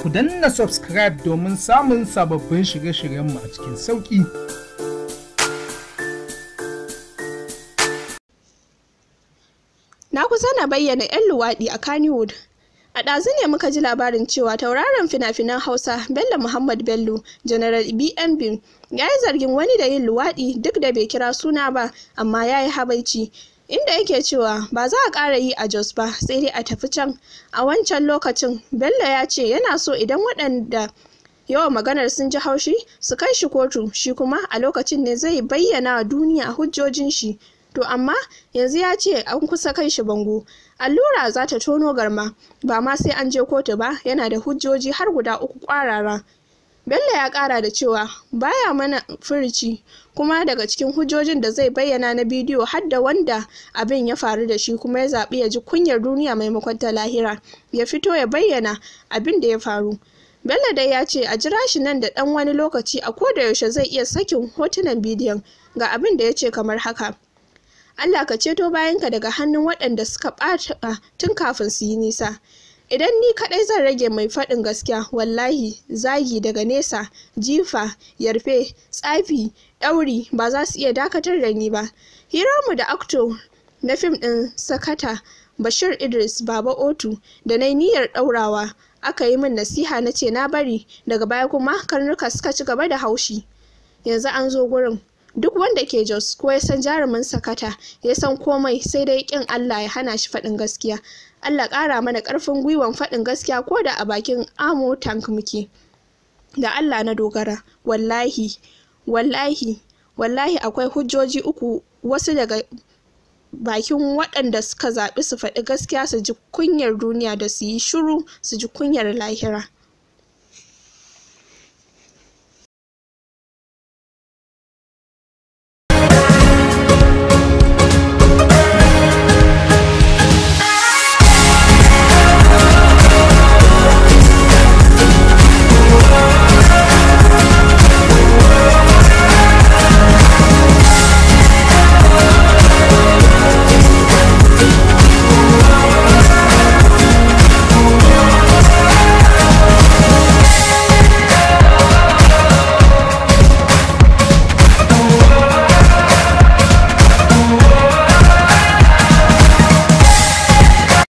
ku danna subscribe domin samun sababbin shirye-shiryenmu a cikin sauƙi. Na kusa na bayyana 'yan luwaɗi a Kannywood. A ɗazu ne muka ji labarin cewa tauraron fina-finan Hausa Bello Muhammad Bello, General BNB, ya yi zargin wani da yin luwaɗi duk da bai kira suna ba, amma ya yi habaici. inda yake cewa ba za a ƙara yi a Jos ba sai dai a tafi can a wancan lokacin Bello ya ce yana so idan waɗanda yawan maganar sun ji haushi su kai shi kotu shi kuma a lokacin ne zai bayyana wa duniya hujjojin shi to amma yanzu ya ce an kusa kai shi bango allura za ta tono garma ba ma sai an je kotu ba yana da hujjoji har guda uku kwarara Bello ya kara da cewa baya mana furici kuma daga cikin hujjojin da zai bayyana na bidiyo har da wanda abin ya faru da shi kuma ya zaɓi ya ji kunyar duniya maimakon ta lahira ya fito ya bayyana abin da ya faru. Bello dai ya ce a jira shi nan da ɗan wani lokaci a koda yaushe zai iya sakin hotunan bidiyon ga abin da ya ce kamar haka. Allah ka ceto bayanka daga hannun waɗanda suka ɓata ah, tun kafin su yi nisa. idan ni kadai zan rage mai faɗin gaskiya wallahi zagi daga nesa jifa yarfe tsafi ɗauri ba za su iya dakatar da ni ba mu da akto na fim ɗin sakata bashir idris baba otu da na niyyar ɗaurawa aka yi min nasiha na ce na bari daga baya kuma karnuka suka ci gaba da haushi yanzu an zo gurin duk wanda ke Jos ko ya san jarumin sakata ya san komai sai dai kin Allah ya hana shi faɗin gaskiya Allah ƙara mana ƙarfin gwiwan faɗin gaskiya ko da a bakin amo tank muke da Allah na dogara wallahi wallahi wallahi akwai hujjoji uku wasu daga bakin waɗanda suka zaɓi su faɗi gaskiya su ji kunyar duniya da su yi shiru su ji kunyar lahira